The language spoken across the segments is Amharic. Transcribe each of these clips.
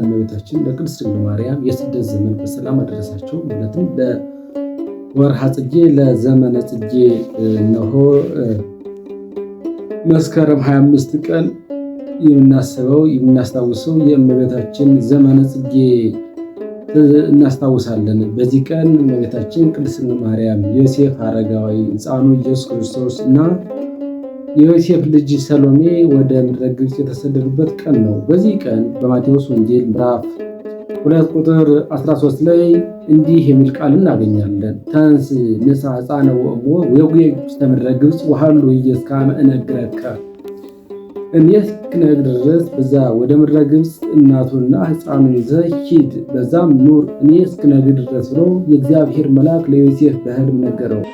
ለእመቤታችን ለቅድስት ድንግል ማርያም የስደት ዘመን በሰላም አደረሳቸው። ማለትም ለወርሃ ጽጌ ለዘመነ ጽጌ እነሆ መስከረም 25 ቀን የምናስበው የምናስታውሰው የእመቤታችን ዘመነ ጽጌ እናስታውሳለን። በዚህ ቀን እመቤታችን ቅድስት ማርያም፣ ዮሴፍ አረጋዊ፣ ሕፃኑ ኢየሱስ ክርስቶስ እና የዮሴፍ ልጅ ሰሎሜ ወደ ምድረ ግብፅ የተሰደዱበት ቀን ነው። በዚህ ቀን በማቴዎስ ወንጌል ምዕራፍ ሁለት ቁጥር 13 ላይ እንዲህ የሚል ቃል እናገኛለን። ተንስ ንሳ ሕፃነ ወእሞ ወጉ ውስተ ምድረ ግብፅ ወሀሉ ኢየሱስ ካመ እኔ እስክነግርህ ድረስ በዛ ወደ ምድረ ግብፅ እናቱንና ሕፃኑን ይዘ ሂድ፣ በዛም ኑር፣ እኔ እስክነግርህ ድረስ ብሎ የእግዚአብሔር መልአክ ለዮሴፍ በህልም ነገረው።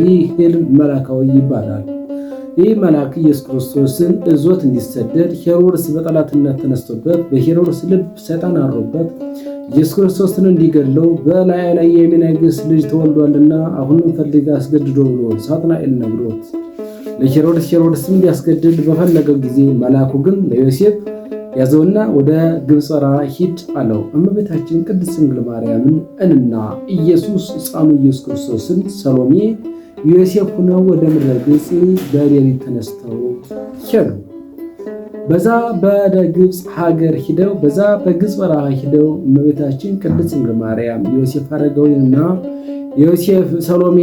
ይህ ህልም መላካዊ ይባላል። ይህ መልአክ ኢየሱስ ክርስቶስን እዞት እንዲሰደድ ሄሮድስ በጠላትነት ተነስቶበት በሄሮድስ ልብ ሰይጣን አድሮበት ኢየሱስ ክርስቶስን እንዲገድለው በላይ ላይ የሚነግስ ልጅ ተወልዷልና አሁንም ፈልግ አስገድዶ ብሎ ሳጥናኤል ነግሮት ለሄሮድስ ሄሮድስ እንዲያስገድድ በፈለገው ጊዜ መልአኩ ግን ለዮሴፍ ያዘውና ወደ ግብፀራ ሂድ አለው። እመቤታችን ቅድስት ድንግል ማርያምን እንና ኢየሱስ ሕፃኑ ኢየሱስ ክርስቶስን ሰሎሜ ዮሴፍ ሆነው ወደ ምድረ ግብፅ በሌሊት ተነስተው ሄዱ። በዛ ወደ ግብፅ ሀገር ሂደው በዛ በግብፅ በረሃ ሂደው እመቤታችን ቅድስት ድንግል ማርያም ዮሴፍ አረጋዊና ዮሴፍ ሰሎሜ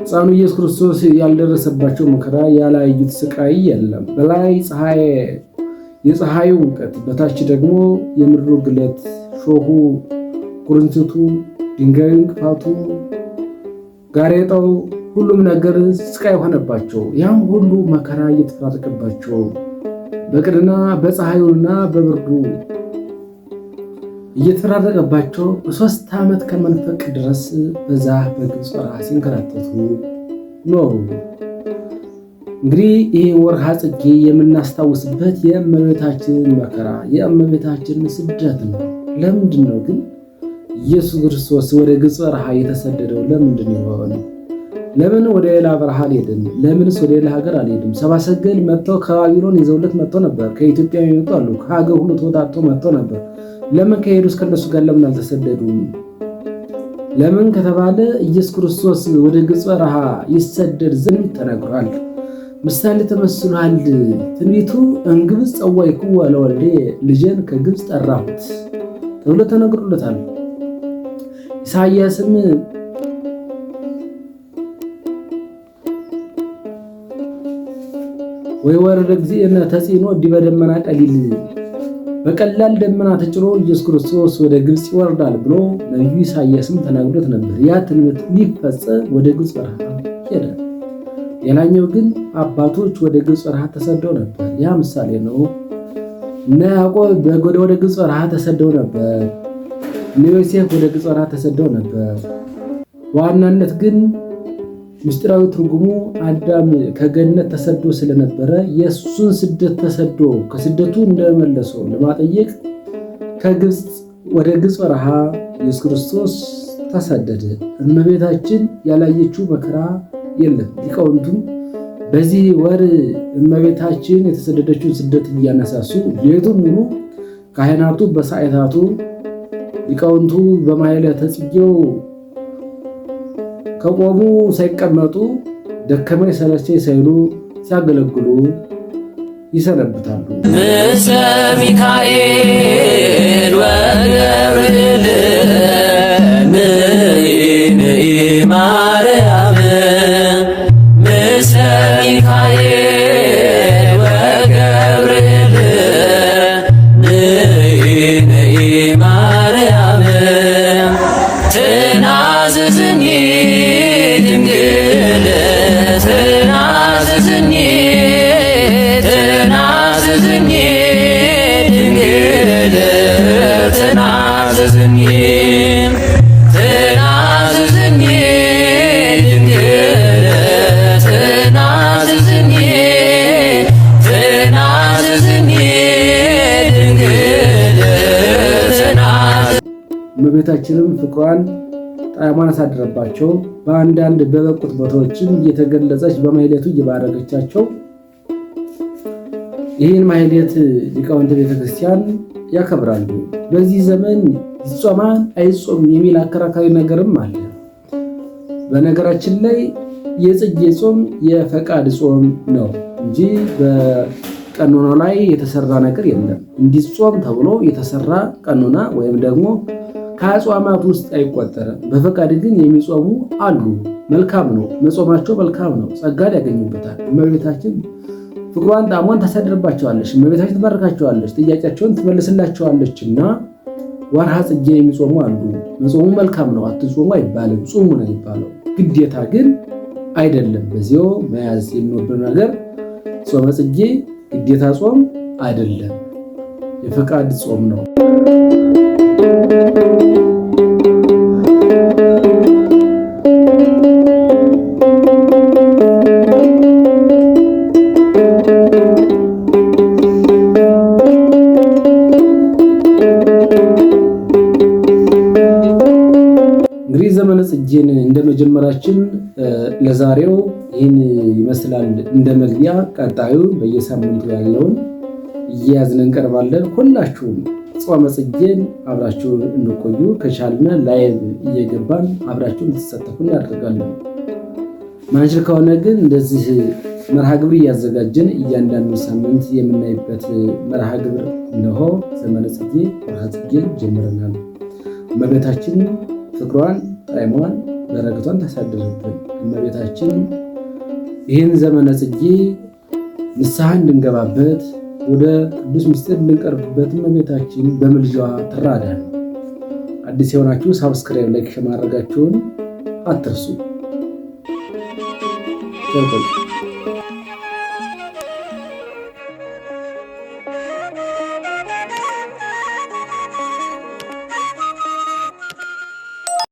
ሕፃኑ ኢየሱስ ክርስቶስ ያልደረሰባቸው መከራ ያላዩት ስቃይ የለም። በላይ የፀሐዩ ሙቀት፣ በታች ደግሞ የምድሩ ግለት፣ ሾሁ፣ ኩርንትቱ፣ ድንጋዩ፣ እንቅፋቱ፣ ጋሬጣው ሁሉም ነገር ስቃይ ሆነባቸው። ያም ሁሉ መከራ እየተፈራረቀባቸው በቅድና በፀሐዩና በብርዱ እየተፈራረቀባቸው በሶስት ዓመት ከመንፈቅ ድረስ በዛ በግብፅ በረሃ ሲንከራተቱ ኖሩ። እንግዲህ ይህ ወርሃ ጽጌ የምናስታውስበት የእመቤታችን መከራ የእመቤታችን ስደት ነው። ለምንድን ነው ግን ኢየሱስ ክርስቶስ ወደ ግብፅ በረሃ የተሰደደው? ለምንድን ይሆን? ለምን ወደ ሌላ በረሃ አልሄድም? ለምንስ ወደ ሌላ ሀገር አልሄድም? ሰባሰገል መጥተው ከባቢሎን ይዘውለት መጥተው ነበር። ከኢትዮጵያ የሚመጡ አሉ። ከሀገር ሁሉ ተወጣጥቶ መጥተው ነበር። ለምን ከሄዱ እስከ እነሱ ጋር ለምን አልተሰደዱም? ለምን ከተባለ ኢየሱስ ክርስቶስ ወደ ግብፅ በረሃ ይሰደድ ዘንድ ተነግሯል። ምሳሌ ተመስሏል። ትንቢቱ እንግብፅ ጸዋዕኩ ለወልዴ ልጄን ከግብፅ ጠራሁት ተብሎ ተነግሮለታል። ኢሳያስም ወይ ወረደ እግዚእነ ተጽዕኖ ዲበ ደመና ቀሊል በቀላል ደመና ተጭኖ ኢየሱስ ክርስቶስ ወደ ግብፅ ይወርዳል ብሎ ነቢዩ ኢሳያስም ተናግሮት ነበር። ያ ትንቢት ሊፈጸም ወደ ግብፅ በረሃ ሄደ። ሌላኛው ግን አባቶች ወደ ግብፅ በረሃ ተሰደው ነበር። ያ ምሳሌ ነው። እነ ያዕቆብ ወደ ግብፅ በረሃ ተሰደው ነበር። እነ ዮሴፍ ወደ ግብፅ በረሃ ተሰደው ነበር። በዋናነት ግን ምስጢራዊ ትርጉሙ አዳም ከገነት ተሰዶ ስለነበረ የእሱን ስደት ተሰዶ ከስደቱ እንደመለሰው ለማጠየቅ ከግብፅ ወደ ግብፅ በረሃ ኢየሱስ ክርስቶስ ተሰደደ። እመቤታችን ያላየችው መከራ የለም። ሊቃውንቱም በዚህ ወር እመቤታችን የተሰደደችውን ስደት እያነሳሱ ሌቱን ሙሉ ካህናቱ በሳይታቱ ሊቃውንቱ በማይለ ጽጌው ከቆሙ ሳይቀመጡ ደከመኝ ሰለቸኝ ሳይሉ ሲያገለግሉ ይሰነብታሉ። ብእሰ ሚካኤል እመቤታችንም ፍቅሯን ጣዕሟን አሳድረባቸው። በአንዳንድ በበቁት ቦታዎችም እየተገለጸች በማሕሌቱ እየባረገቻቸው ይህን ማሕሌት ሊቃውንተ ቤተክርስቲያን ያከብራሉ። በዚህ ዘመን ይጾማል አይጾም የሚል አከራካሪ ነገርም አለ። በነገራችን ላይ የጽጌ ጾም የፈቃድ ጾም ነው እንጂ በቀኖና ላይ የተሰራ ነገር የለም። እንዲጾም ተብሎ የተሰራ ቀኖና ወይም ደግሞ ከአጽዋማት ውስጥ አይቆጠርም። በፈቃድ ግን የሚጾሙ አሉ። መልካም ነው፣ መጾማቸው መልካም ነው፣ ጸጋን ያገኙበታል። እመቤታችን ፍቅሯን ጣሟን ታሳድርባቸዋለች። እመቤታችን ትመርካቸዋለች ጥያቄያቸውን ትመልስላቸዋለች እና ወርሃ ጽጌ የሚጾሙ አሉ። መጾሙ መልካም ነው፣ አትጾሙ አይባልም። ጾሙ ነው የሚባለው፣ ግዴታ ግን አይደለም። በዚው መያዝ የሚወደው ነገር ጾመ ጽጌ ግዴታ ጾም አይደለም፣ የፈቃድ ጾም ነው። እንግዲህ ዘመነ ጽጌን እንደመጀመራችን ለዛሬው ይህን ይመስላል። እንደ መግቢያ ቀጣዩ በየሳምንቱ ያለውን እየያዝን እንቀርባለን ሁላችሁም ጾመ ጽጌን አብራችሁን እንቆዩ። ከቻልነ ላይቭ እየገባን አብራችሁን እንድትሳተፉ እናደርጋለን። ማንችል ከሆነ ግን እንደዚህ መርሃ ግብር እያዘጋጀን እያንዳንዱ ሳምንት የምናይበት መርሃ ግብር እነሆ። ዘመነ ጽጌ መርሃ ጽጌን ጀምረናል። እመቤታችን ፍቅሯን፣ ጣዕሟን፣ በረከቷን ታሳድርብን። እመቤታችን ይህን ዘመነ ጽጌ ንስሐ እንድንገባበት ወደ ቅዱስ ምስጢር ልንቀርብበትም እመቤታችን በምልጃዋ ትራዳን። አዲስ የሆናችሁ ሳብስክራይብ፣ ላይክ ማድረጋችሁን አትርሱ።